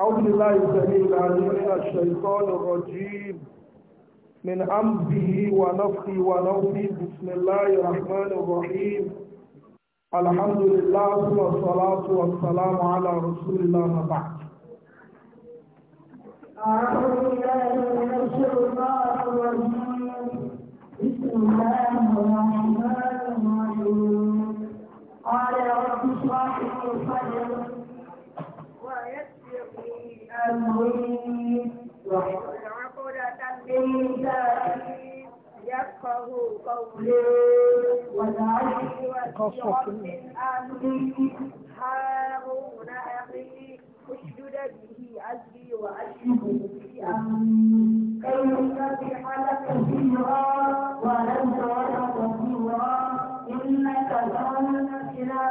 أعوذ بالله السميع العليم من الشيطان الرجيم من عمده ونفخه ونوفه بسم الله الرحمن الرحيم الحمد لله والصلاة والسلام على رسول الله بعد أعوذ بالله من الشيطان الرجيم بسم الله الرحمن الرحيم قال أمري والعقدة من لساني يفقه قولي وجعلني وزيرا من أمري هارون أخي اشدد به أجري وأشركه في أمري كي نسبحك كثيرا ونذكرك كثيرا إنك كنت إلى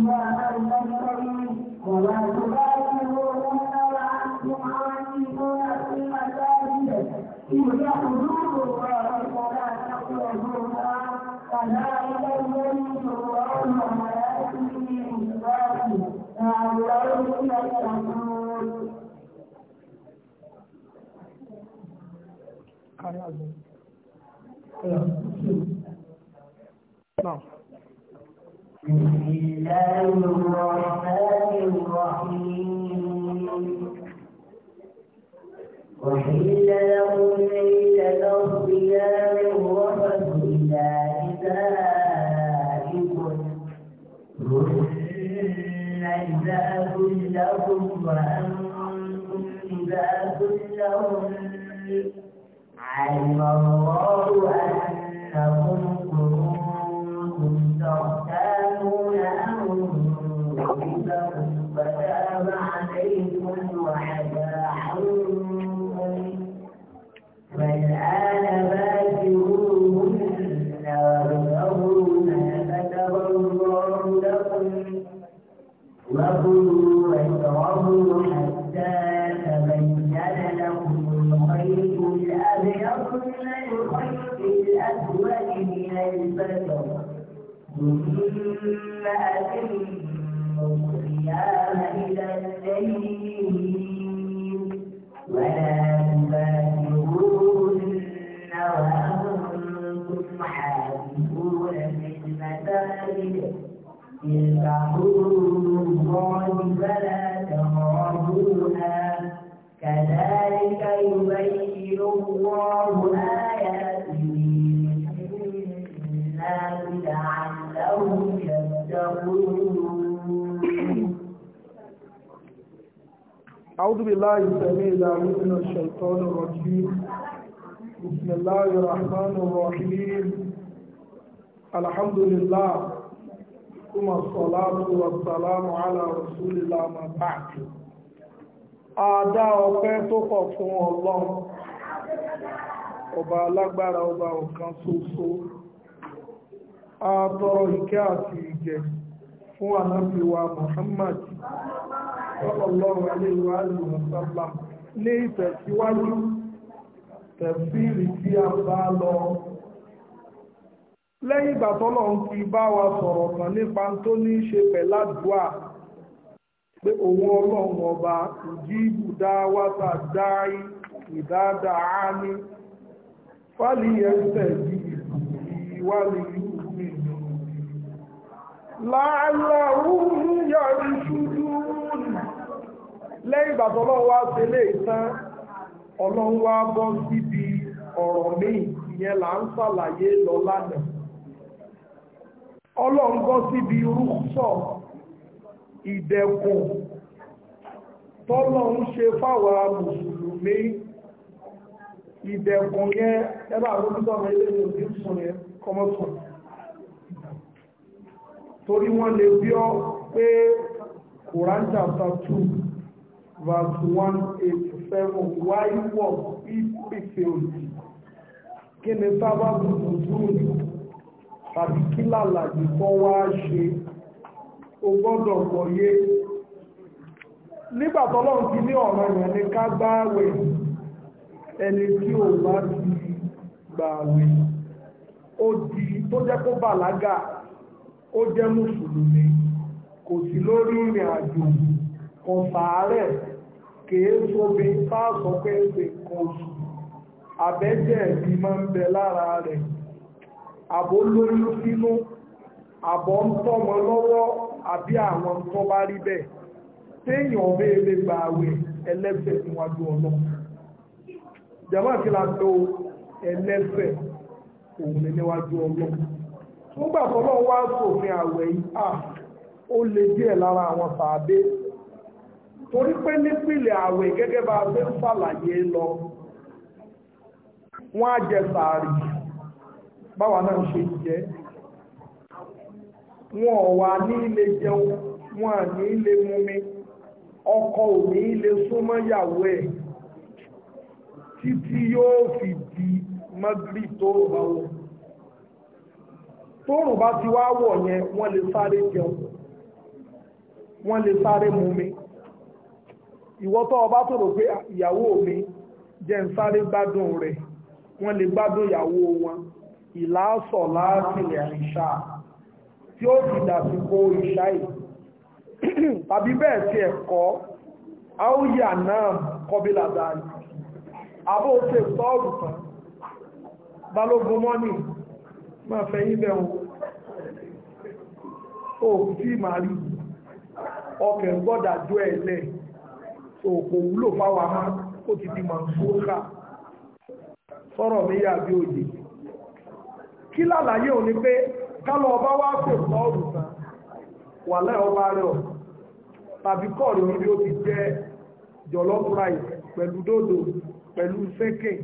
الله بسم الله الرحمن الرحيم وحل لهم ليلة الصيام الرفث إلى نسائكم هن لباس لكم وأنتم لباس لهم علم الله أنكم قلوب يختارون أنفسهم فتأمنوا ثم أتموا الصيام إلى الليل ولا تباشرون وأنتم حافظون في المساجد فلا تقربوها كذلك يبين الله آياته أعوذ بالله السميع العليم من الشيطان الرجيم بسم الله الرحمن الرحيم الحمد لله ثم الصلاة والسلام على رسول الله ما بعد Àdá ọpẹ́ tó pọ̀ fún Ọlọ́run, ọba alágbára ọba ọ̀kan ṣoṣo, àtọrọ ìkẹ́ àti ìgẹ̀ fún ànábì wa Muhammad sallallahu alaihi wa sallam ní ìtẹ̀síwájú tẹ̀síìrì tí a bá lọ lẹ́yìn ìgbà tọ́lọ̀ ń fi bá wa sọ̀rọ̀ kan nípa tó ní í ṣe pẹ̀ládùá pé òun ọlọ́run ọba ìjíìbù dáwátà dáì ìdáadáa ní fálì ẹsẹ̀ láàláhùn yọrí ṣúdú lẹ́yìn ìgbàtọ̀ ọlọ́run wá ṣe lè tán ọlọ́run wá bọ́ síbi ọ̀rọ̀ míì ìyẹn là ń ṣàlàyé lọ lánàá ọlọ́run bọ́ síbi rúkúsọ̀ ìdẹ̀kùn tọ́lọ́run ṣe fáwa mùsùlùmí ìdẹ̀kùn yẹn ẹbà rúkúsọ̀ mẹ́lẹ́yìn òbí sùn yẹn kọ́mọ́sùn torí wọ́n lè bí ọ pé Quran chapter two verse one eight seven why was it fulfilled kí ni sábà tuntun zúùnì tàbí kí làlàjì tó wá ṣe o gbọ́dọ̀ gbọ́yé nígbà tọ́lọ́run ti ní ọ̀rọ̀ yẹn ni ká gbáwẹ̀ ẹni tí ò bá ti gbàwẹ̀ ó di tó jẹ́ kó bàlágà ó jẹ́ mùsùlùmí kò sí lórí ìrìn àjò kò sàárẹ̀ kìí sóbi fáàsọ pé èsè kan oṣù àbẹ́jẹ̀ ẹ̀bí máa ń bẹ lára rẹ̀ àbó lóyún sínú àbọ̀ ń tọ́mọ lọ́wọ́ àbí àwọn tó bá rí bẹ́ẹ̀ téèyàn béèrè gba àwẹ̀ ẹlẹ́fẹ̀ níwájú ọlọ́ jẹ́mọ́ kí la tó ẹlẹ́fẹ̀ òun níwájú ọlọ́ nígbà tó lọ́wọ́ wá sòfin àwẹ̀ yìí à ó lè díẹ̀ lára àwọn tàbí torí pé nípìnlẹ̀ àwẹ̀ gẹ́gẹ́ bá a ṣe ń ṣàlàyé lọ wọ́n á jẹ sàárì báwa náà ṣe jẹ́ wọn ò wá ní ilé jẹun wọn à ní ilé mumi ọkọ ò ní ilé súnmọ́ yàwó ẹ̀ títí yóò fi di mọ́gírì tó bá wọn tóòrùn bá ti wá wọ̀ yẹn wọ́n lè sáré jẹun wọ́n lè sáré mú mi ìwọ tó ọba tó rò pé ìyàwó mi jẹ́ ń sáré gbádùn rẹ̀ wọ́n lè gbádùn ìyàwó wọn ìlàásọ̀ láàpìlẹ̀ àìṣà tí ó ti dàsìkò ìṣà yìí tàbí bẹ́ẹ̀ tí ẹ̀kọ́ áúyà náà kọbílà dáadì àbó ṣe sọ́ọ̀rù tán balógun mọ́nì máa fẹ́ yí bẹ́ẹ̀ o òkú tí màá rí ọkẹ̀ gbọ́dà jó ẹ̀ lẹ̀ òkò wúlò fáwọn amá ó ti di màǹsókà sọ̀rọ̀ mi yà bí òye kí lálàyé ò ní pé kálọ̀ ọba wá pè lọ́ọ̀rù tán wà láì ọba rẹ̀ tàbí kọ́ọ̀rù níbi ó ti jẹ́ jollof rice pẹ̀lú dòdò pẹ̀lú sẹ́kẹ̀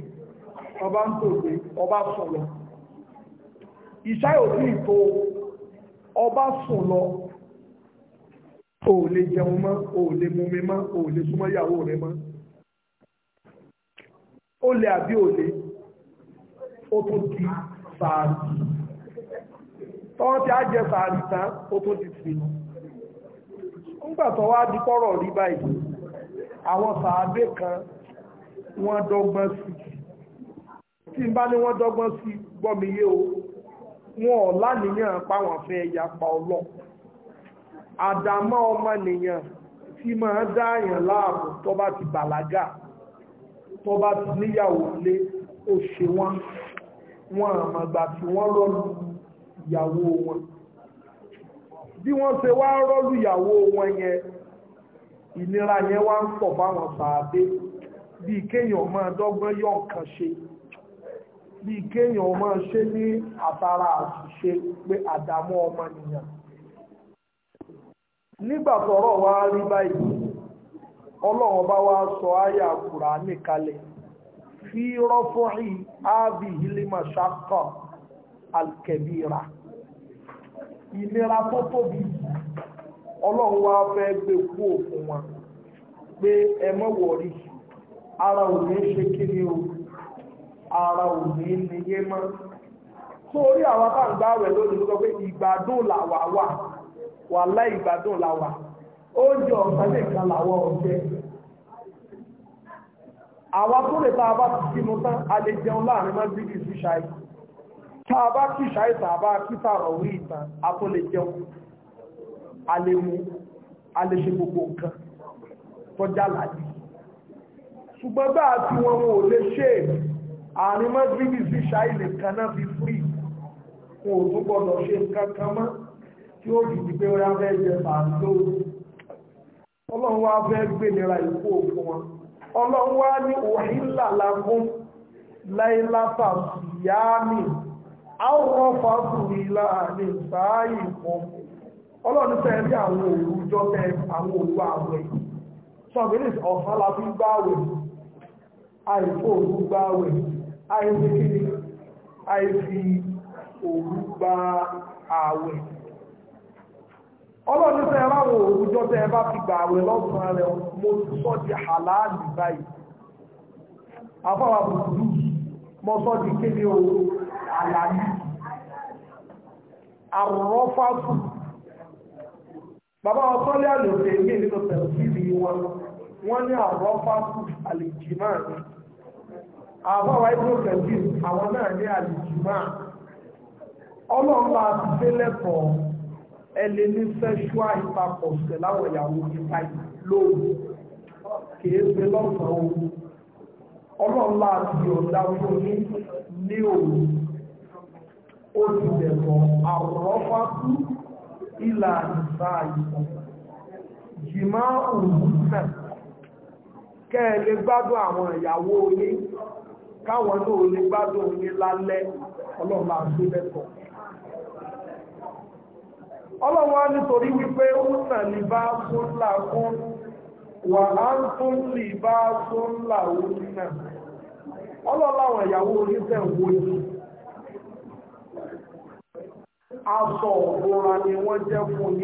ọba ń tòde ọba sọ̀rọ̀ ìṣá òbí ìtò ọba sùn lọ o ò lè jẹun mọ́ o ò lè mumi mọ́ o ò lè súnmọ́ ìyàwó rẹ mọ́ ó lè àbí ò lè ó tún di sàárì tọ́wọ́n ti á jẹ sàárì tán ó tún di sí nígbà tó wá di kọ́rọ̀ rí báyìí àwọn sàábé kan wọ́n dọ́gbọ́n sí tí n bá ní wọ́n dọ́gbọ́n sí gbọ́ yé o wọn ò lánìyàn páwọn fẹ́ yapa ọlọ́ àdámọ́ ọmọnìyàn tí máa dáàyàn láàbò tó bá ti bàlágà tó bá ti níyàwó lé ó ṣe wọ́n wọn àmàgbà tí wọ́n rọ́lù ìyàwó wọn bí wọ́n ṣe wá rọ́lù ìyàwó wọn yẹn ìnira yẹn wá ń pọ̀ báwọn sàádé bíi kéèyàn máa dọ́gbọ́n yọ ṣe bíi kéèyàn ọmọ ṣe ní àtàrà àṣìṣe pé àdàmú ọmọnìyàn nígbà tọ́rọ̀ wá rí báyìí ọlọ́run bá wá sọ àyà Kùránì kalẹ̀ fi rọ́fọ́hì ábì hílímà ṣákọ̀ alkẹ̀bíra ìnira tó tóbi ọlọ́run wá fẹ́ gbé kú òfin wọn pé ẹ mọ̀wọ̀ rí ara ò ṣe kí ni o ara ò ní níyé mọ́ tó orí àwọn bá ń gbá rẹ̀ lónìí ló sọ pé ìgbádùn làwà wà wà láì ìgbádùn làwà oúnjẹ ọ̀sán nìkan làwọn ọ̀jẹ́ àwọn tó lè tàà bá ti sínú tán a lè jẹun láàrin mọ́ sí ìsú ṣáì tàà bá kí ṣáì tàà kí tààrọ̀ orí ìtàn a tó lè jẹun a lè mú a lè ṣe gbogbo nǹkan tọ́jà láti ṣùgbọ́n bá àti wọn ò lè ṣe èdè àárín mọ́gbìbì sí ṣáìlè kan náà fi free fún òtún gbọ́dọ̀ ṣe kankan mọ́ tí ó fi pé ó ráfẹ́ jẹ bàálò ọlọ́run wá fẹ́ gbénira ìkó òfin wọn ọlọ́run wá ní òhìnlà lágún láìláta síyáàmì áwọ̀ fásitì láàrin sáàyè kan ọlọ́run fẹ́ rí àwọn òru jọ́tẹ àwọn òru àwẹ̀ sọ̀bílì ọ̀sán gbáwẹ̀ àìkó òru gbáwẹ̀ àìsí àìsí òru gba ààwẹ̀ ọlọ́run tẹ́ ẹ̀rá wo tẹ́ bá fi gbà ààwẹ̀ lọ́sàn rẹ̀ mo sọ di àlàálì báyìí àfọwà bùkúrú mo sọ di kéde bàbá ọ̀tọ́lẹ́ àlòfẹ́ wọn wọ́n ní àbáwá ibùdó kẹ̀lí àwọn náà ní àlìjùmọ́ ọlọ́run bá ti dé lẹ́kọ̀ọ́ ẹ lè ní sexual intercourse pẹ̀lú àwọn ìyàwó nípa lóòrùn kìí ṣe lọ́sàn-án ọlọ́run bá ti yọ̀ǹda fún yín ní òru ó ti dẹ̀kọ̀ àwòrán fású ìlà ìgbà ìfọ̀ jìmá òun náà kẹ́ ẹ lè gbádùn àwọn ìyàwó yín káwọn náà lè gbádùn ní lálẹ́ ọlọ́run àti lẹ́kọ̀ọ́ ọlọ́run wá nítorí wípé ọ̀nà lè bá fún làkún wà á tún lè bá fún làwọn náà ọlọ́láwọn ìyàwó oníṣẹ́ wo aṣọ ni wọ́n jẹ́ fún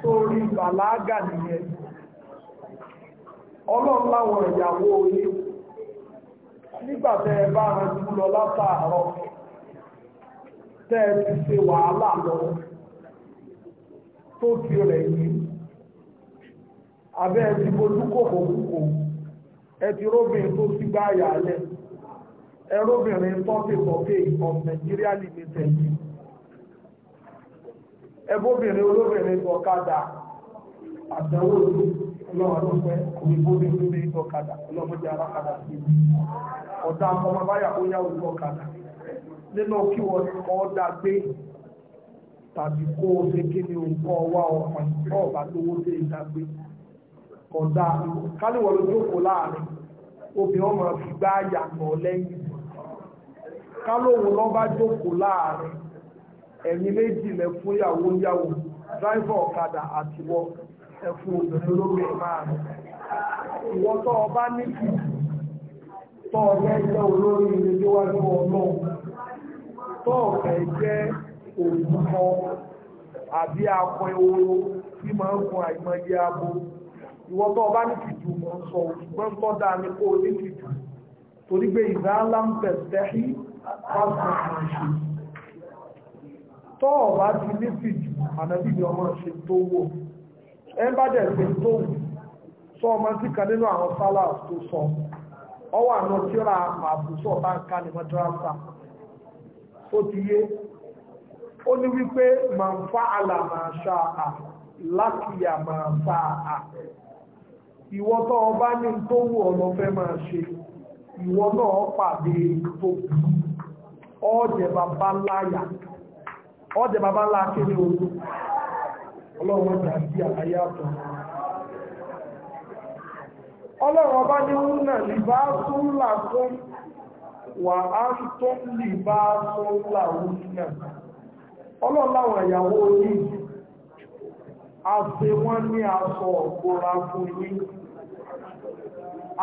sórí bàlágà nìyẹn ìyàwó oníṣẹ́ nígbà tẹ́ ẹ bá rẹ dúró lọ látàárọ̀ ẹ ti ṣe wàhálà lọ tó ti rẹ̀ yìí abẹ́ ẹ ti bojú kòkòkò ẹ ti tó ẹ róbìnrin Nigeria limited ẹ bóbìnrin olóbìnrin ọ̀kadà ọlọ́run àdúgbẹ́ kò ní bó ní orí ọ̀kadà ọlọ́mọdé alákadà sí ibi ọ̀dà ọmọ báyà ó yá orí ọ̀kadà nínú kí wọ́n kọ́ dá gbé tàbí kó o ṣe kí ni nǹkan ọwá ọkàn ọ̀bà lówó dé ìdá gbé ọ̀dà káníwọ̀ ló jókòó láàrin obìnrin ọmọ fi gbá yàtọ̀ lẹ́yìn kálóhùn lọ́ bá jókòó láàrin ẹ̀yìn méjì lẹ yàwó dráìvọ̀ ọ̀kadà àtiwọ́ ẹ̀fún obìnrin olóògbé máa rẹ̀. Ìwọ́n tọ́ ọba ní kí tọ́ ọ̀rẹ́ jẹ́ olórí ilé níwájú ọlọ́run. Tọ́ ọ̀fẹ́ jẹ́ òkùnkọ àbí akọ ehoro tí máa ń fún àìmọye abo. Ìwọ́n tọ́ ọba ní kìjù mọ̀ sọ ṣùgbọ́n tọ́ da ní kó o ní kìjù. Torí pé ìdá ńlá ń bẹ̀ tẹ́hí pásítọ̀ kan ṣe. Tọ́ ọba ti ní kìjù ànábìbí ọmọ ṣe tó wọ̀. ẹ dẹ̀ pé tó ọmọ kan nínú àwọn sálà tó sọ ọ wà ní tíra àbùsọ bá ń ká ní mọ́tíráṣà ó ti yé ó ní wípé màá fa àlàmà a lákìyà máa fa à ìwọ tó o bá ní tó ọ lọ fẹ́ máa ṣe náà pàdé tó bàbá láyà bàbá ọlọ́run wọn dà sí àlàyé àtọ̀ ọlọ́run ọba ní ń nà lè bá tún là fún wà á tún lè bá tún là wọ́n náà ọlọ́run láwọn ìyàwó yìí àṣẹ wọ́n ní aṣọ ọ̀gbọ́ra fún yín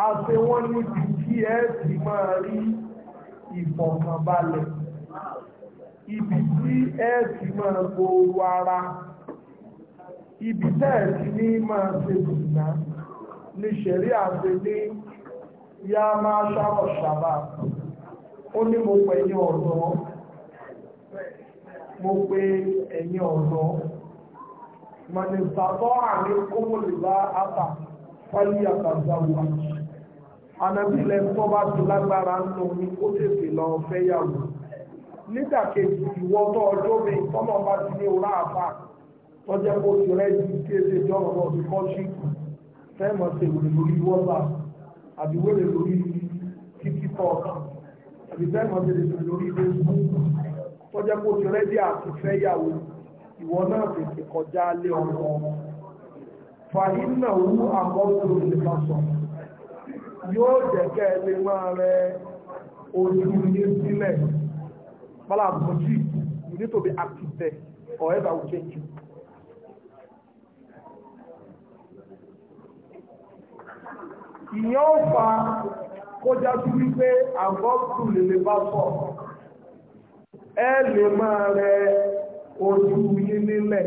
àṣẹ wọ́n níbi tí ẹ ti máa rí ìfọ̀kànbalẹ̀ ibi tí ẹ ti máa gbòòrò ara ibi tẹ́ẹ̀tì ní máa ṣe dùnà ní ṣẹ̀rí àti ní yá máa ṣàrọ̀ ṣàbà ó ní mo pè ẹ̀yin ọ̀dọ́ mo pè ẹ̀yin ọ̀dọ́ mọ̀nìsàtọ́ àmì kómọlùbá àtà fálí àtàzáwà anábìlẹ̀ tó bá tó lágbára ń lò ní ó tètè lọ fẹ́yàwó nígbàkejì ìwọ́tọ̀ ọjọ́ mi tọ́lọ́ bá ti ní òrà àfáà tọ́jẹ́ kó ti rẹ́dí kéde jọ́rọ̀ lọ sí kọ́ṣí fẹ́ẹ̀mọ̀ ṣe wèrè lórí wọ́lá àbí wèrè lórí tiktok àbí fẹ́ẹ̀mọ̀ ṣe lè ṣe lórí facebook tọ́jẹ́ kó ti rẹ́dí àti fẹ́yàwó ìwọ náà tètè kọjá lé ọmọ fàyínà wú àkọ́kọ́ ìlera sọ yóò jẹ́ kẹ́ ẹ lè máa rẹ ojú ilé sílẹ̀ bálá àbùkù nítorí active there or ever will change you. ìyẹn ó fa kó jásí wípé àgọ́kù lè lè bá pọ̀ ẹ lè máa rẹ ojú yín nílẹ̀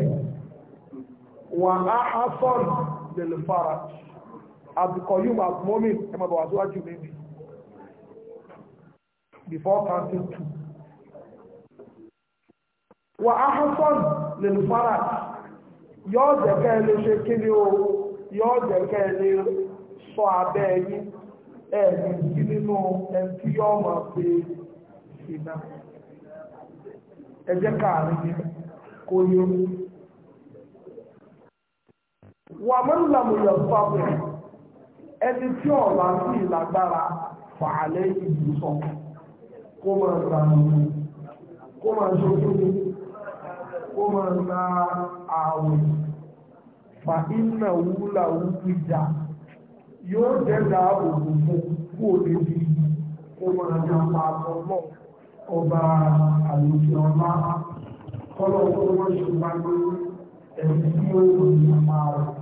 wà á hásọ̀n lè lè fara àbùkọ̀ yóò wà mọ́mí ẹ máa bọ̀ wá síwájú mi nì before counting two wà á hásọ̀n lè lè fara yóò jẹ́ kẹ́ ẹ lè ṣe kí ni o yóò jẹ́ kẹ́ ẹ lè sọ abẹ́ yín ẹ̀mí sí nínú ẹni tí yọ́ mọ̀ pé ìná ẹjẹ́ káàrin yẹn kò yẹ wà mẹ́rin làmúyẹ̀ fáwọn ẹni tí ọ̀la sí ìlágbára fàálẹ́ ìbùsọ̀ kó máa gba àwọn kó máa ṣojú kó máa gba àwọn fa iná wúlà wúlù yóò dẹ́gbà òògùn fún kú òde bí ó máa dá pàtó ọba àlòkè ọlá kọ́lọ̀ tó wọ́n ṣe wá ní ẹ̀rí tí ó wù ní àmà rẹ̀.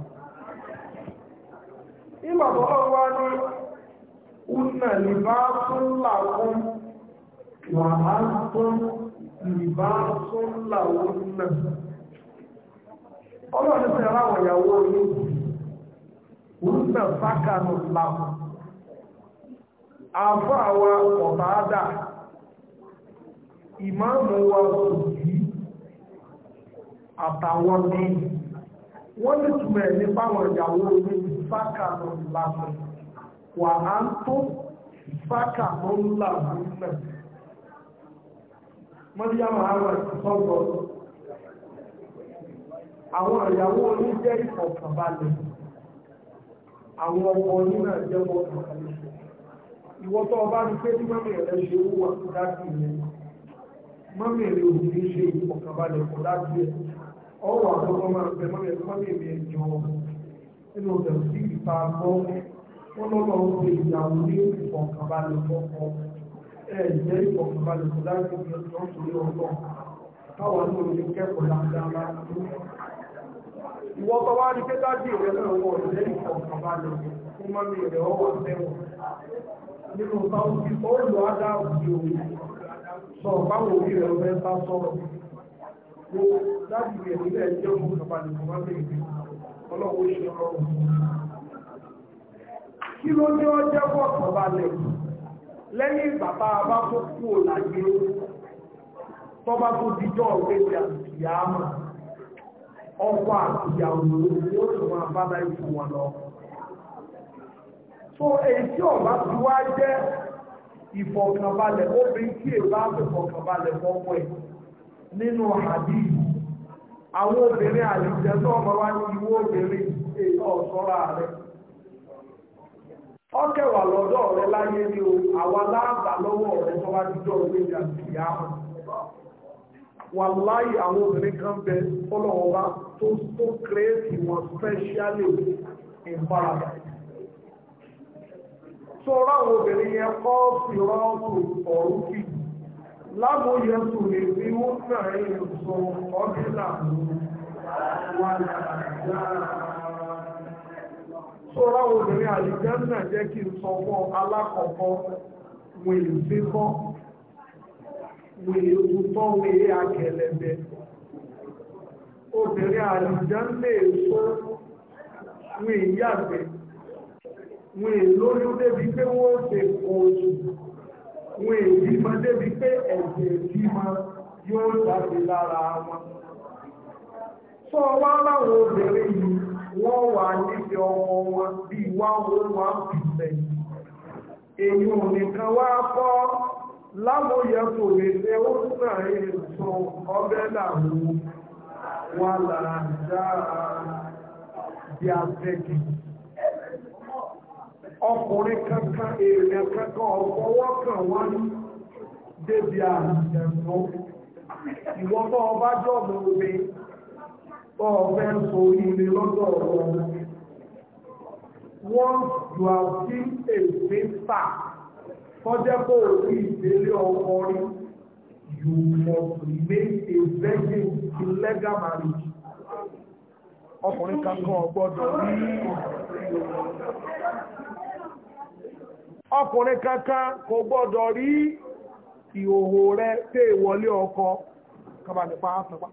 Ìgbàgbọ́ ọwọ́ ní Una lè bá tún wà á tún lè bá tún náà. Ọlọ́run ti ara wọ̀nyàwó yìí. òrùnà sákànù lápù àfọ́ àwa ọ̀bàádà ìmáàmù wa òjì àtàwọn ní wọ́n ní túnmẹ̀ ní báwọn ìyàwó orí sákànù lápù wà á ń tó sákànù lápù náà mọ́díyàmù àwọn ìsọ́gbọ̀n àwọn ìyàwó orí jẹ́ ìfọ̀kànbalẹ̀ àwọn ọkọ̀ nínà jẹ́wọ́ ìwọ́tọ̀ ọba ní pé tí mọ́mí rẹ̀ ṣe owó wà tó dájú rẹ̀ mọ́mí rẹ̀ ò ní ṣe ìfọ̀kànbalẹ̀ kò dájú rẹ̀ ọwọ́ àkọ́kọ́ máa bẹ mọ́mí rẹ̀ mọ́mí rẹ̀ jọ nínú ọ̀sẹ̀ sí ìta gbọ́ wọn lọ́nà ń pe ìyàwó ní ìfọ̀kànbalẹ̀ kọ́kọ́ ẹ̀ jẹ́ ìfọ̀kànbalẹ̀ kò dájú rẹ̀ lọ́sọ̀rọ̀ ọlọ́ ìwọ tó wá rí pétájì rẹ̀ náà wọ̀ lẹ́yìn ìfọ̀kànbalẹ̀ fún mọ́mí rẹ̀ ọwọ́ tẹ́wọ̀ nínú sáwọ́sí ó lọ ádá òbí òun sọ báwo òbí rẹ̀ ọ̀fẹ́ bá sọ̀rọ̀ láti rẹ̀ nílẹ̀ jẹ́ ìfọ̀kànbalẹ̀ fún mọ́mí rẹ̀ ọlọ́wọ́ ṣe rọrùn kí ló ní ọjọ́ fọ̀kànbalẹ̀ lẹ́yìn bàbá bá tó kú ò láyé tọ́ba tó dijọ́ ọ̀gbẹ́sẹ̀ àti ìyá máa Ọkwa àtìyàwó ni ó sì máa bá láì fún wọn lọ. So ọba ti wá jẹ́ obi obìnrin ebe èbá fìfọ̀kànbalẹ̀ fọ́pọ̀ ẹ̀ nínú àdí àwọn obìnrin àlìjẹ́ náà wá ní obìnrin lọ́dọ̀ láyé ni o àwa lọ́wọ́ tó wàláyé àwọn obìnrin kan bẹ ọlọ́wọ́ bá tó tó kírẹ́ẹ̀tì wọn specially in paradise. tó ráwọn obìnrin yẹn kọ́ sí rọ́ọ̀tù ọ̀rú kì lábòye tó lè fi wọ́n náà ń sọ ọ́dínlà wà tó ráwọn obìnrin àlìjẹ́ náà jẹ́ kí n sọ fún alákọ̀ọ́kọ́ wọ́n èlò sí kọ́ wèrú tán wèrè akẹ̀lẹ̀bẹ̀ obìnrin àlùjẹ́ ń lè sọ wọ́n ìyàgbẹ́ wọ́n èlóyún débi pé wọ́n ṣe kọ oṣù wọ́n èbímọ débi pé ẹ̀jẹ̀ ìbímọ yóò jáde lára wọn tó wá láwọn obìnrin yìí wọ́n wà níbi ọmọ wọn bíi wá wọ́n wá pìsẹ̀ èyí ò nìkan wá kọ́ láwòye kò lè fẹ́ ó náà èso ọbẹ̀ làwọn wà láàájá bí abẹ́gì ọkùnrin kankan èèyàn kankan ọ̀pọ̀wọ́ kan wá ní débi àjẹ̀mọ́ ìwọ́n ọba jọ̀bọ̀ omi bá ọbẹ̀ sọ ilé lọ́dọ̀ ọ̀rọ̀ wọn you have seen a paper kọjá kó o rí ìdílé ọkọ rí you must remain a virgin in legal marriage ọkùnrin kankan ọgbọ́dọ̀ rí ọkùnrin ọkọ kábà nípa ápapá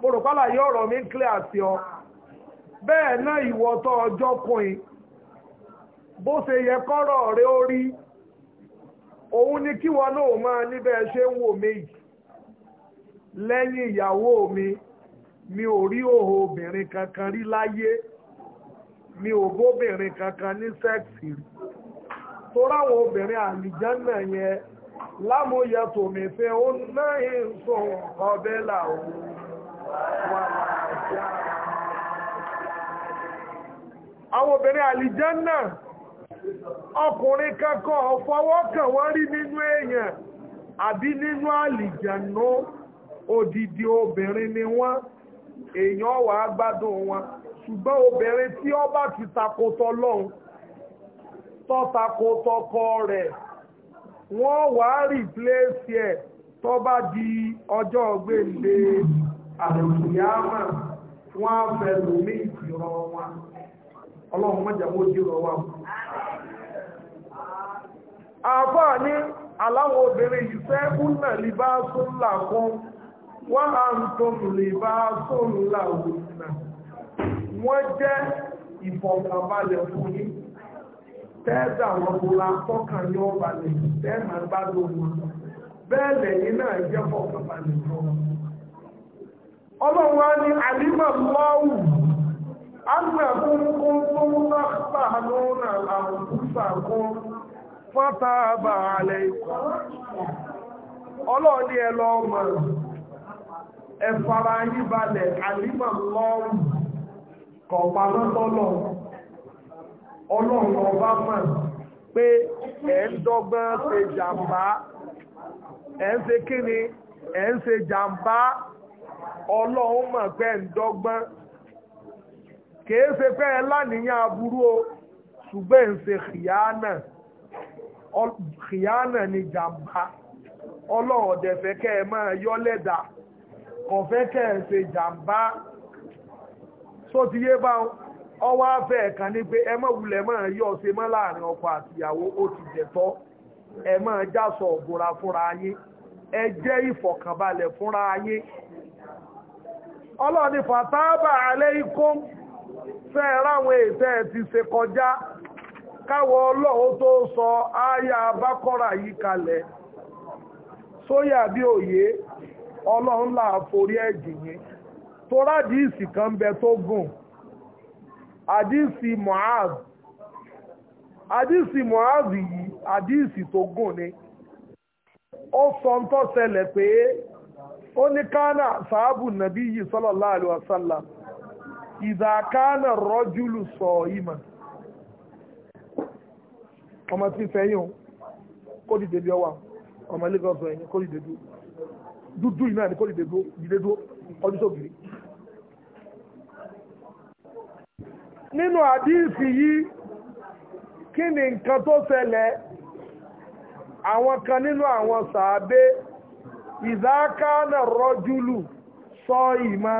mo rò pálá yọ ọ̀rọ̀ mi ń bó ṣe yẹ kọ́rọ̀ rẹ ó rí òun ni kí wọn náà máa níbẹ̀ ṣe ń wò mí lẹ́yìn ìyàwó mi mi ò rí òhò obìnrin kankan rí láyé mi ò bóbìnrin kankan ní sẹ́ẹ̀sì rí tó àwọn obìnrin àlìjánà yẹn lámòye tòmí fẹ́ ó náà ń sùn ọbẹ̀ làwọn wà láàájá àwọn obìnrin àlìjánà náà ọkùnrin kankan ọ̀fọwọ́ kàn wọ́n rí nínú èèyàn àbí nínú àlìjànú odidi obìnrin ni wọ́n èèyàn wà á wọn ṣùgbọ́n obìnrin tí bá ti takotọ lọ́hùn tó takotọ kọ rẹ̀ wọ́n wà á rìpléṣì ẹ̀ di ọjọ́ gbèǹde àlùkìyàmà wọ́n á fẹ́ lómi wọn ọlọ́run àfáà ní aláwọ̀ obìnrin yìí fẹ́ kúnnà lè bá sún wọ́n á ń tó lè bá sún wọ́n jẹ́ ìfọ̀kànbalẹ̀ fún yín tẹ́ẹ̀dà wọn kò la tọ́kàn ní ọba lè tẹ́ẹ̀mà bá lò wọn bẹ́ẹ̀ lẹ́yìn náà jẹ́ fọ̀kànbalẹ̀ fún wọn. ọlọ́run á ní àlímọ̀ lọ́wù á fọ́tàbà alẹ́ ikọ̀ ọlọ́ọ̀dí ẹlọ ọmọ ẹ̀fàrà yíbalẹ̀ àlímọ̀ lọ́rùn kọ̀pàmọ́ tọ́lọ̀ ọlọ́run ọba mọ̀ pé ẹ̀ ń dọ́gbọ́n ṣe jàmbá ẹ̀ ń ṣe kíni ẹ̀ ń ṣe jàmbá ọlọ́run mọ̀ pé ń dọ́gbọ́n kìí ṣe pé ẹ láníyàn aburú o ṣùgbọ́n ń ṣe kìyà náà kìyànà ni jàmbá ọlọ́ọ̀dẹ̀ fẹ́ kẹ́ ẹ máa yọ lẹ́dà kò fẹ́ kẹ́ ẹ ṣe jàmbá tó ti yé bá ọwọ́ afẹ́ ẹ̀kan ní pé ẹ má wulẹ̀ máa yọ ṣe mọ́ láàrin ọkọ àtìyàwó ó ti jẹ̀tọ́ ẹ máa jásọ ọ̀gbọ̀ra fúnra yín ẹ jẹ́ ìfọ̀kànbalẹ̀ fúnra yín ọlọ́ọ̀ni fàtábà alẹ́ ikún fẹ́ ráwọn ètẹ́ ti ṣe kọjá káwọ ọlọ́run tó sọ ááyà bákọ́rà yi kalẹ̀ sóyà bí òye ọlọ́run là forí ẹ̀jì yín díìsì kan bẹ tó gùn àdíìsì Mu'adh àdíìsì Mu'adh yìí àdíìsì tó gùn ni ó sọ ń pé ó ní kánà sàábù nàbí yìí sallallahu alaihi rọ́júlù sọ ìmọ̀. ọmọ tí fẹ́yìn kó dìde bí ọwà ọmọ Lagos ẹ̀yìn kó dìde dúró dúdú iná ni kó dìde dúró dìde dúró ọdún sóbìrì. nínú àdíìsì yìí kí ni nǹkan tó ṣẹlẹ̀ àwọn kan nínú àwọn sàábé ìzákánà rọ́júlù sọ ìmá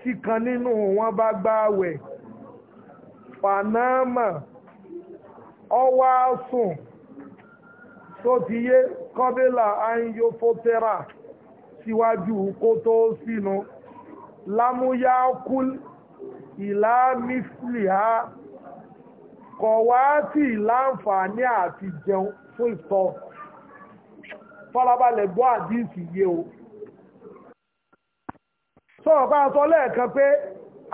tí kan nínú wọn bá gbáwẹ̀ fanama ọwá sùn tó ti yé kọ́bílà ayíyó fótẹ́rà síwájú kó tó sínú lámúyá kúl ìlà mísìlìhá kọ̀ wá tí láǹfààní àti jẹun fún ìtọ́ fọ́lábalẹ̀ gbọ́ àdíìsì yé o sọ̀rọ̀ sọ lẹ́ẹ̀kan pé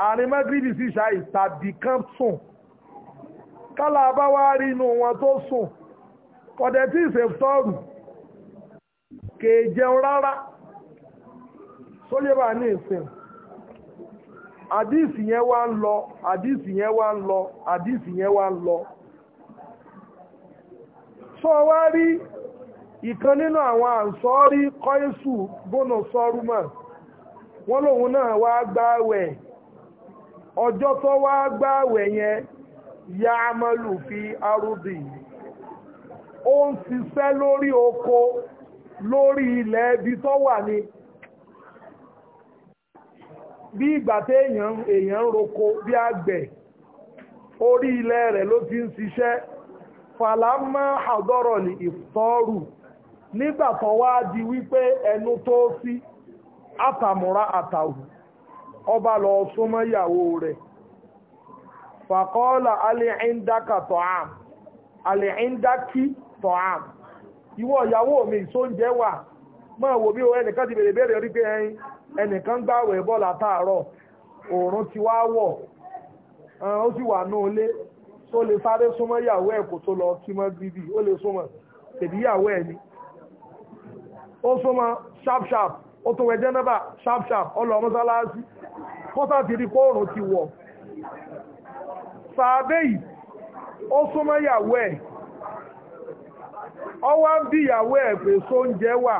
àárín mẹ́gíríbì sí ìṣá ìtàbí kan sùn kálá bá inú wọn tó sùn kọ̀dẹ̀ tí ìsèftọ́rù kèè jẹun rárá sóyébà ní ìsìn àdìsì yẹn wá ń lọ àdìsì yẹn wá ń lọ àdìsì yẹn wá ń lọ sọ wá rí ìkan nínú àwọn àǹsọ́rí kọ́ìsù bónà sọ́rúmọ̀ wọ́n lòun náà wá gbáwẹ̀ ọjọ́ tó wá gbáwẹ̀ yẹn ya amálù fi arúdì ó lori lórí oko lórí ilẹ̀ ebi tó wà ní bí ìgbà tí eyan èèyàn roko bí àgbẹ̀ orí ló ti n ṣiṣẹ́ fàlámà àdọ́rọ̀ ni ìfọ́rù nígbà tó wá di wípé ẹnu tó sí àtàmúra àtàwù ọba lọ súnmọ́ ìyàwó re. fàkọ́ọ́là alìíńdákà tọ́ám alìíńdákì tọ́ám ìwọ ìyàwó mi ìsóúnjẹ wà máa wò bí o ẹnìkan ti bèrè bèrè rí pé ẹyin ẹnìkan gbàwẹ̀ bọ́ látàárọ̀ oòrùn ti wá wọ̀ ó sì wà ní ilé tó lè sáré súnmọ́ ìyàwó ẹ̀ kò tó lọ kí mọ́ bíbí ó lè súnmọ́ tèbí ìyàwó ẹ̀ ni ó súnmọ́ sharp ó tó wẹ̀ jẹ́nẹ́bà sharp sharp ó lọ ti rí kóòrùn ti wọ̀ sàábéyì ó súnmọ́ ìyàwó ẹ̀ ọ wá ń bí ìyàwó ẹ̀ pé sóúnjẹ wà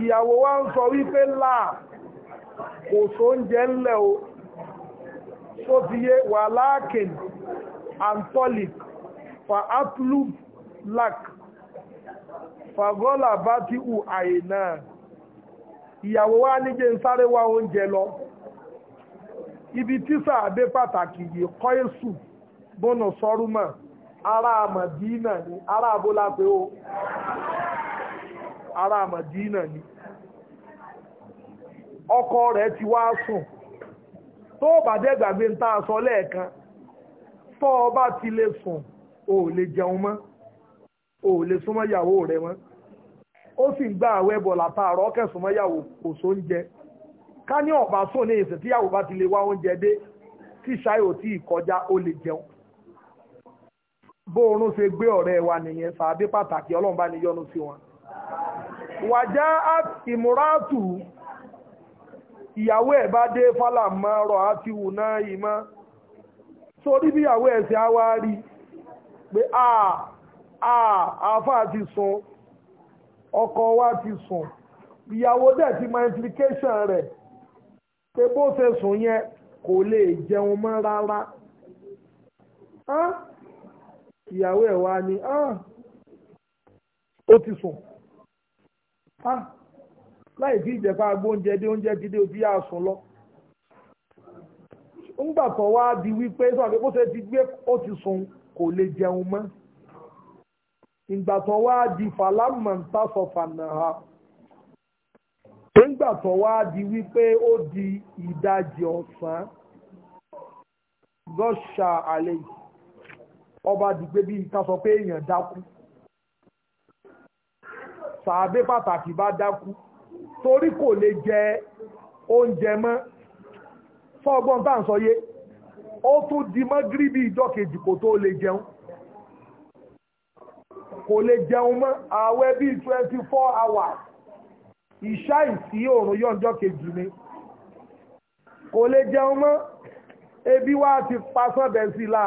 ìyàwó wa ń sọ wípé láà kò sóúnjẹ ńlẹ̀ o tó ti yé wà láàkìn antolic fa atlub lak fagola bá ti hù àyè náà ìyàwó wa níjẹ́ ń sáré wá oúnjẹ lọ ibi tí sàádé pàtàkì yìí kọ́ èsù bọ́nà sọ́rùmọ̀ ará Mádínà ni ará abúlá pé ó ará Mádínà ni ọkọ rẹ̀ ti wá sùn tó bá dé gbàgbé ń tá a sọ lẹ́ẹ̀kan tó o bá ti lè sùn o ò lè jẹun mọ́ o ò lè súnmọ́ ìyàwó rẹ mọ́ ó sì ń gbà àwẹ̀ látàárọ̀ kẹsùnmọ́ ìyàwó kò sóúnjẹ ká ní ọ̀bá sùn ní ìsìn tíyàwó bá ti lè wá oúnjẹ dé tí ṣáyò tí ìkọjá ó lè jẹun bóorun ṣe gbé ọ̀rẹ́ wa nìyẹn sàbí pàtàkì ọlọ́run bá ní yọ́nú sí wọn wàjá ìmúratù ìyàwó ẹ̀ bá dé fálà mọ́ ọ̀rọ̀ àti wù náà yìí mọ́ sórí bí ìyàwó ẹ̀ ṣe á rí pé àà àà àáfà ti sùn ọkọ wa ti sùn ìyàwó dẹ̀ ti mọ implication rẹ̀ pé bó ṣe sùn yẹn kò lè jẹun mọ́ rárá ìyàwó ẹ̀ wá ni ó ti sùn láì fi ìjẹ̀fà agbóúnjẹ dé oúnjẹ ti dé o sùn lọ ńgbà tó wá di wípé sọ̀rọ̀ bó ṣe ti gbé ó ti sùn kò lè jẹun mọ́ ìgbà tó wá di fàlámọ̀ntàsọ̀fànà ha nígbà tó wá di wípé ó di ìdajì ọ̀sán gọ́ṣà àlẹ́ yìí ọba dìgbé bíi ká sọ pé èèyàn dákú sàábé pàtàkì bá dákú torí kò lè jẹ oúnjẹ mọ́ fọ́gbọ́n tá à ń sọ yé ó tún di mọ́gíríbì ìjọ kejì kò tó lè jẹun kò lè jẹun mọ́ ààwẹ̀ bíi twenty four hours ìṣá ìsí òòrùn yọ̀ǹjọ́ kejì ni kò lè jẹun mọ́ ebi wá ti pa sọ́bẹ̀ sí la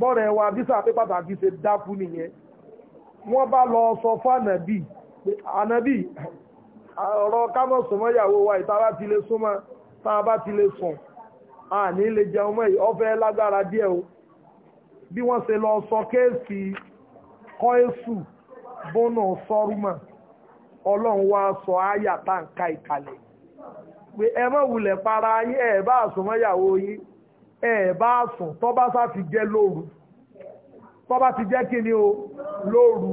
bọ́rẹ̀ wa bísà pé pàtàkì ṣe dákú nìyẹn wọ́n bá lọ sọ fún ànàbì ànàbì ọ̀rọ̀ kámọ̀ súnmọ́ ìyàwó wa ìta bá ti lè súnmọ́ tá a bá ti lè sùn a ní lè jẹun mọ́ ọ̀fẹ́ lágbára díẹ̀ o bí wọ́n ṣe lọ sọ kéèsì kọ́ èsù bọ́nà sọ́rùmọ̀ ọlọ́run wá sọ áyà tá ń ka ìkàlẹ̀ pé ẹ má wulẹ̀ para yín ẹ bá sùn mọ́yàwó yín ẹ bá sùn tó bá sá ti jẹ́ lóru tó bá ti jẹ́ kí ni o lóru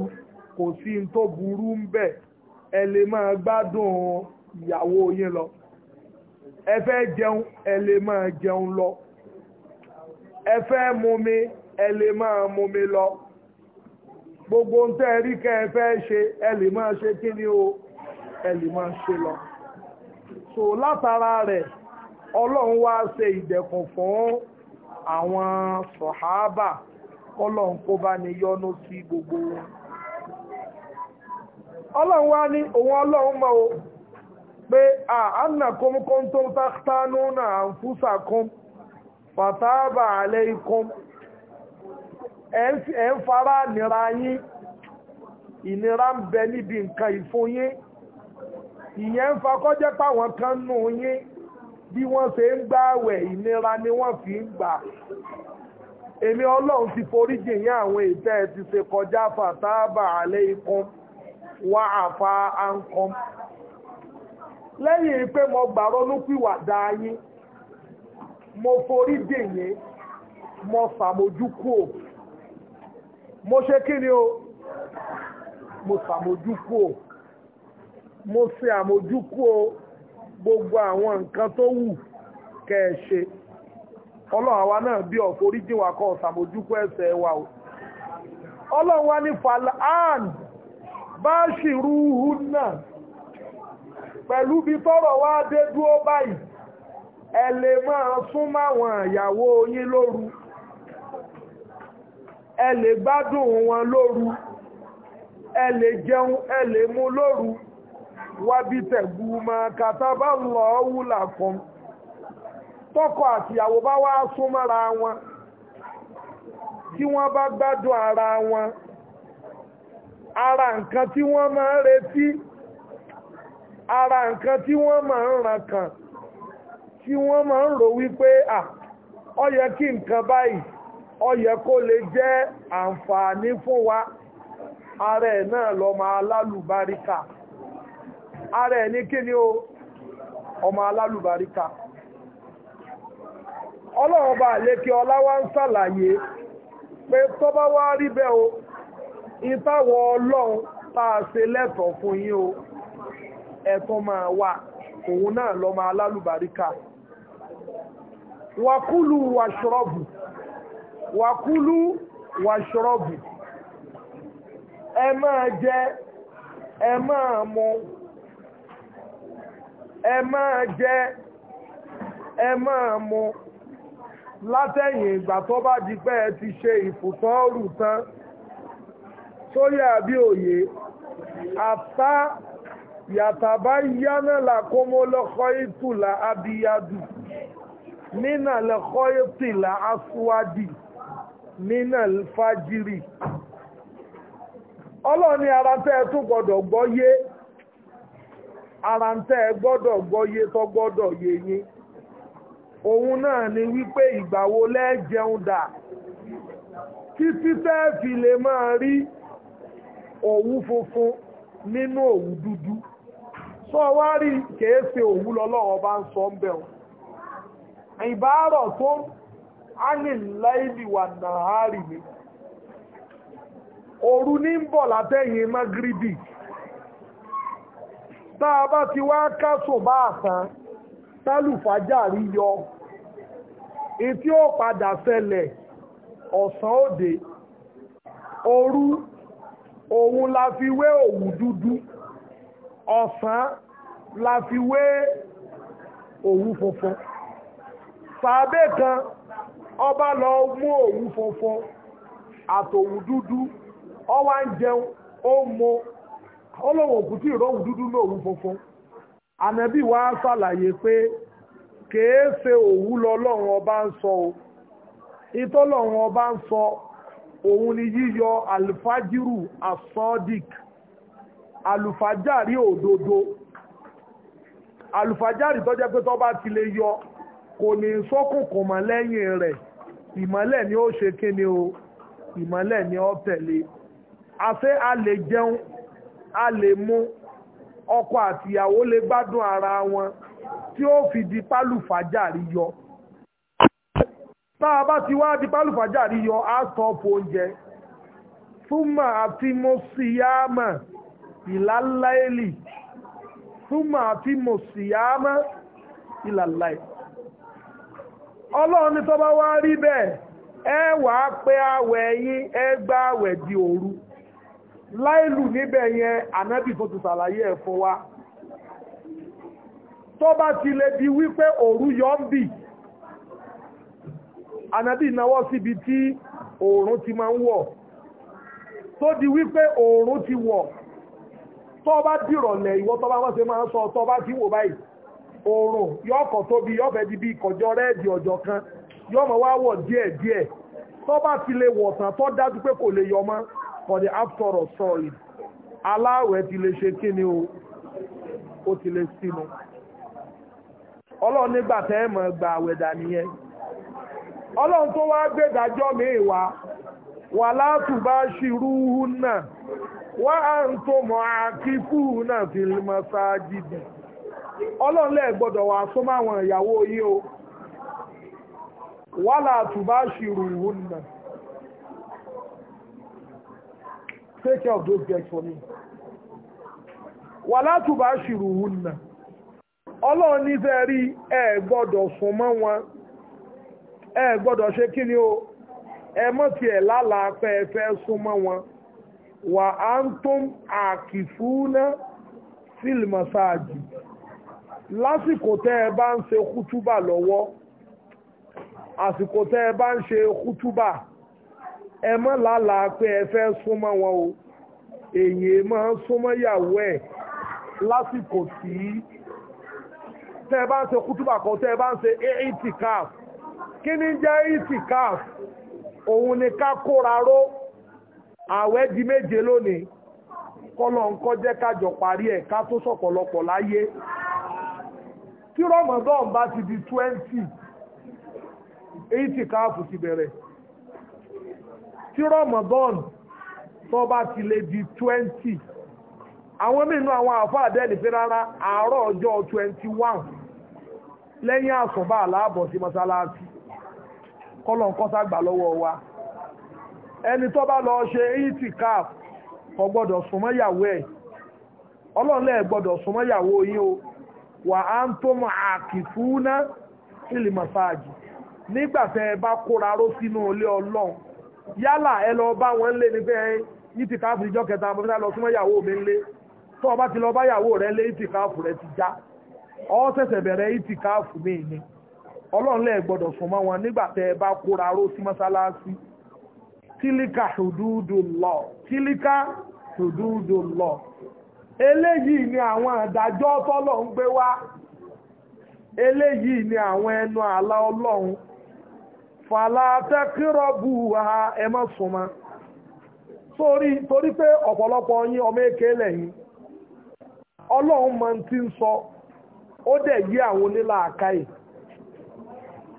kò sí n tó burú ń bẹ ẹ lè máa gbádùn ìyàwó yín lọ ẹ fẹ́ jẹun ẹ lè máa jẹun lọ ẹ fẹ́ mumi ẹ lè máa mumi lọ gbogbo ń tẹ́ rí kẹ́ ẹ fẹ́ ṣe ẹ lè máa ṣe kí ni o ẹ lè máa ṣe lọ so látara rẹ̀ ọlọ́run wá ṣe ìdẹ̀kùn fún àwọn sọ̀háábà ọlọ́run kó bá ní yọ́nú sí gbogbo wọn ọlọ́run wá ní òun ọlọ́run mọ́ o pé àánà kọ́mkọ́m tó ń tánú náà ń fúsà kọ́m fàtàbà àlẹ́ ikọ́m ẹ̀ ń fara nira yín ìnira ń bẹ níbi nǹkan ìfún yín ìyẹn ń fa kọ́jẹ́ páwọn kan nù yín bí wọ́n ṣe ń gbààwẹ̀ ìnira ni wọ́n fi ń gbà èmi ọlọ́run ti forí jìyàn àwọn ìtẹ́ ẹ ti ṣe kọjá fàtàbà àlẹ́ ikún wá àfa àǹkan lẹ́yìn pé mo gbàrọ́ lópìwàdà yín mo forí jìyàn mo ṣàmójúkúò mo ṣe kí ni o mo ṣàmójúkú o mo ṣe àmójúkú o gbogbo àwọn nǹkan tó wù kẹ́ ẹ ṣe ọlọ́run àwa náà bí ọ̀foríjì wa kọ́ ṣàmójúkú ẹ̀ṣẹ̀ wa o ọlọ́run wa ní falhan bá ṣìrú húnà pẹ̀lú bí tọ́rọ̀ wá dé dúró báyìí ẹ lè máa súnmọ́ àwọn ìyàwó yín lóru ẹ lè gbádùn wọn lóru ẹ lè jẹun ẹ lè mu lóru wábí tẹ̀gbù máa kàtàbà lọ wúlà kan tọkọ àtìyàwó bá wá súnmọ́ra wọn tí wọ́n bá gbádùn ara wọn ara nǹkan tí wọ́n máa ń retí ara nǹkan tí wọ́n máa ń ràn kàn tí wọ́n máa ń rò wípé à ó yẹ kí nǹkan báyìí ó kó lè jẹ́ àǹfààní fún wa ara ẹ̀ náà lọ́mọ alálùbáríkà ara ẹ̀ ní kíni o ọmọ alálùbáríkà ọlọ́run bá lékè ọlá wá ń ṣàlàyé pé tó bá wá rí bẹ́ẹ̀ o ìtawọ̀ ọlọ́run tá a ṣe lẹ́tọ̀ọ́ fún yín o ẹ̀tún máa wà òun náà lọ́mọ alálùbáríkà wàkúlù wàṣọ́ọ̀bù wàkúlú wàṣọ́rọ́bù ẹ máa jẹ ẹ máa mu ẹ máa jẹ ẹ máa mu látẹ̀yìn ìgbà tó bá di pé ẹ ti ṣe ìfùtọ́rù tán sóyè àbí òye àtá yàtàbá yánà làkómó lọ́kọ́ ìtùlà abiyadu nínà lọ́kọ́ ìtùlà aswadi. minal fajiri ọlọ́ọ̀ni ara tẹ́ ẹ tún gbọ́dọ̀ gbọ́ ara tẹ́ ẹ gbọ́dọ̀ gbọ́ yé tó gbọ́dọ̀ yé òun náà ni wípé ìgbà wo lẹ́ jẹun dà títí tẹ́ fi lè máa rí òwú funfun nínú òwú dúdú sọ wá rí kèése òwú lọ́lọ́wọ́ bá ń sọ ń bẹ̀rù ìbárọ̀ tó ani laili wa nahari mi oru ni n bọ latẹyin magridi ta ba ti wa kaso ba san talufaja ri yọ eti o pada sẹlẹ ọsan ode oru ohun la fi we dudu ọsan la fi we owu funfun. Fàábé kan ọba lọ mú òwú funfun àtòwú dúdú ọwá ń jẹun ó mọ ọlọ́wọ̀n òkú tí ìrọ́wù dúdú ní òwú funfun ànábì wa ṣàlàyé pé kèé ṣe òwú lọ́lọ́run ọba ń sọ o ìtọ́lọ́run ọba ń sọ òun ni yíyọ alifajiru asọ́dík alùfàjárí òdodo alùfàjárí tó pé tó ti lè yọ kò ní sọ́kùnkùn mọ́ lẹ́yìn rẹ̀ ìmọ́lẹ̀ ni ó ṣe kíni o ìmọ́lẹ̀ ni ó tẹ̀lé àṣé a lè jẹun a lè mú ọkọ àtìyàwó lè gbádùn ara wọn tí ó fi di pálùfàjàrí yọ tá a bá ti wá di pálùfàjàrí yọ á stop oúnjẹ súnmọ́ àti mo sì yá mọ̀ ìlàláìlì súnmọ́ àti mo sì yá mọ̀ ìlàláìlì ọlọ́run ní tó bá wá rí bẹ́ẹ̀ ẹ wà á pé àwẹ̀ yín ẹ àwẹ̀ di òru láìlù níbẹ̀ yẹn anadi tó ti ṣàlàyé ẹ̀ wa ti lè di wípé òru yọ ń bì ànábì náwó síbi tí òòrùn ti máa ń wọ̀ tó di wípé òòrùn ti wọ̀ tọba dìrọ̀lẹ̀ ìwọ wọ́n sọ ti wò oòrùn yóò tóbi yóò di bí ìkọjọ́ kan mọ̀ wá wọ̀ díẹ̀ díẹ̀ tó bá ti lè wọ̀ tó dájú pé kò lè yọmọ́ for the after of sorry aláwẹ̀ ti lè ṣe kí ni o ti lè sínú ọlọ́run nígbà tẹ́ ẹ àwẹ̀dà nìyẹn ọlọ́run tó ọlọ́run lẹ́ẹ̀ gbọ́dọ̀ wà sọ́mọ́ ìyàwó yìí o wàhálà àtúbá ṣìrù ìhùn take care of those girls for me ṣìrù ìhùn gbọ́dọ̀ sùn mọ́ wọn ẹ gbọ́dọ̀ ṣe wọn wà á ń tó lásìkò tẹ́ ẹ bá ń ṣe kútúbà lọ́wọ́ àsìkò tẹ́ ẹ bá ń ṣe kútúbà ẹ mọ́ lálàá pé ẹ fẹ́ súnmọ́ wọn o èyí máa ń súnmọ́ ìyàwó ẹ̀ lásìkò tí tẹ́ ẹ bá ń ṣe kútúbà kan tẹ́ ẹ bá ń ṣe itikaf kí ni jẹ́ itikaf òun ni ká kóra ró àwẹ̀ di méje lónìí kọ́lọ̀ ń kọ́ jẹ́ kájọ parí ẹ̀ ká tó sọ̀pọ̀lọpọ̀ láyé tí rọmọdán bá ti di twenty eighty káàfù ti bẹ̀rẹ̀ tí rọmọdán tó bá ti lè di twenty àwọn mìíràn àwọn àáfàá dẹ́ẹ̀lì pé rárá àárọ̀ ọjọ́ twenty one lẹ́yìn àsùnbà aláàbọ̀ sí mọ́sálásí gbà lọ́wọ́ wa ẹni tó bá lọ ṣe eighty káàfù kò gbọ́dọ̀ súnmọ́ yàwó ẹ̀ wà á ń tó mọ̀ àkìfúnná sílì mọ̀sáàjì nígbàtẹ́ bá kóra ró sínú ilé ọlọ́run yálà ẹ lọ bá wọn lé ní fẹ́ yí ìjọ kẹta lọ mi lé tó o ti lọ bá ìyàwó rẹ lé yí ti rẹ ti já ọ ṣẹ̀ṣẹ̀ bẹ̀rẹ̀ mi ni ọlọ́run lẹ́ẹ̀ gbọ́dọ̀ sùn mọ́ wọn eléyìí ni àwọn àdájọ́ tọ́lọ̀ ń gbé wá eléyìí ni àwọn ẹnu àlá ọlọ́run fàlà ha ẹ má súnmọ́ torí pé ọ̀pọ̀lọpọ̀ yín ọmọ èké lẹ́yìn ọlọ́run mọ ti ń sọ ó dẹ̀ yí àwọn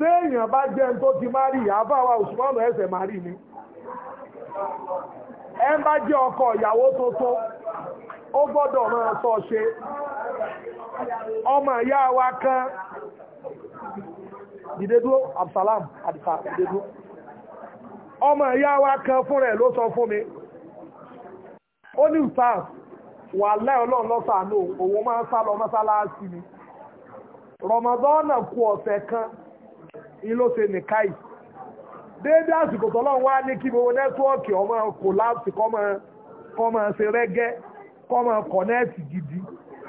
téèyàn bá jẹun tó ẹ ń jẹ́ ọkọ ìyàwó tuntun ó gbọ́dọ̀ máa tọ́ ṣe ọmọ ìyá wa kan ìdédúró absalam àdìsá ìdédúró ọmọ ìyá wa kan fún rẹ̀ ló sọ fún mi ó ní ìtàn wà láì ọlọ́run lọ́sàánú òun máa ń sálọ lọ mọ́sálásí ni rọmọdọ́nà kù ọ̀sẹ̀ kan ìlóṣe nìkáyìí déédé àsìkò tọ́lọ́run wá ní kí gbogbo nẹ́tíwọ́ọ̀kì ọmọ kòláàsì kọ́ máa ṣe rẹ́gẹ́ kọ́ máa kọ̀nẹ́ẹ̀tì gidi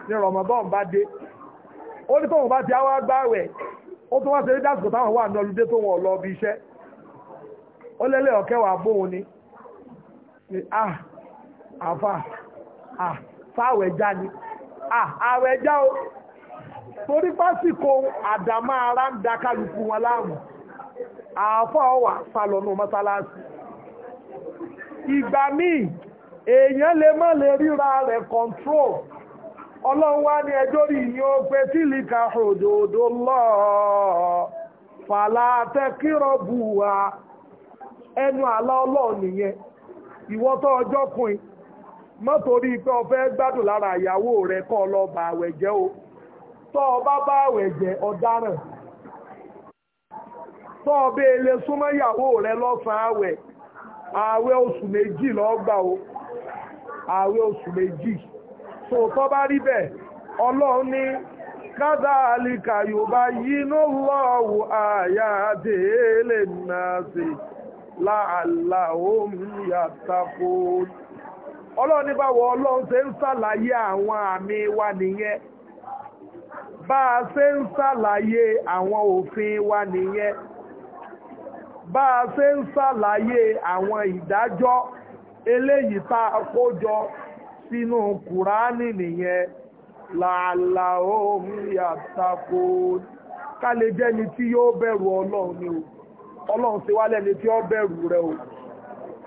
ní Ramadan bá dé ó ní tóun bá ti àwọn agbáwẹ̀ ó tún wá ṣe déédé àsìkò táwọn wà ní ọlúdé tó wọn lọ bí iṣẹ́ ó lélẹ̀ ọ̀kẹ́wàá bóun ni ah àfà ah fáwẹ̀ já ni ah àwẹ̀ já o torí pásìkò àdàmà ara ń da kálukú wọn láàmú àáfọ́ wà sálọ̀nù mọ́sálásí ìgbà míì èèyàn lè má lè ríra rẹ̀ control ọlọ́run wá ní ẹjọ́ rí ìyẹn ó tí lìkà òdòdó lọ fàlàtẹ kírọ̀ bù wá ẹnu àlá ọlọ́run nìyẹn ìwọ́tọ́ ọjọ́ kùn mọ́ torí pé o gbádùn lára ìyàwó rẹ̀ kọ́ lọ bàwẹ̀ jẹ́ o tọ́ ọ bá bàwẹ̀ ọ̀daràn bọ́ ọbẹ̀ ilé súnmọ́ ìyàwó rẹ lọ́sàn-án àwẹ̀ àwẹ̀ oṣù méjì lọ́gbà o àwẹ̀ oṣù méjì tó tọ́ bá rí bẹ́ẹ̀ ọlọ́run ní kádàálìkà yorùbá yìí ló lọ́wọ́ àyà àdéhélè náà sí láàláhùn yàtàkó ọlọ́run ní báwo ọlọ́run ṣe ń ṣàlàyé àwọn àmì wa nìyẹn bá a ṣe ń ṣàlàyé àwọn òfin wa nìyẹn bá a ṣe ń ṣàlàyé àwọn ìdájọ́ eléyìí tá a kó jọ sínú kùránì nìyẹn làálà ohun yàtàkó ká lè jẹ́ni tí yóò bẹ̀rù ọlọ́run ni o ọlọ́run ṣe tí ó bẹ̀rù rẹ̀ o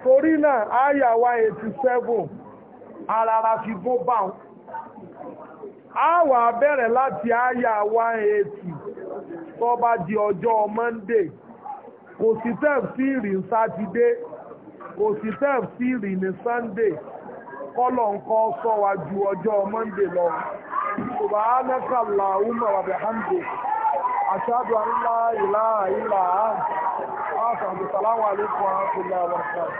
torí náà 87 arara fi bó bá wọn 80 tó di ọjọ́ Monday kò sí tẹ̀síìrì sátidé kò sí tẹ̀síìrì ní sunday kọ́lọ̀ nǹkan sọ wa ju ọjọ́ monday lọ subhanaka allahumma wa bihamdik ashhadu an la ilaha illa anta astaghfiruka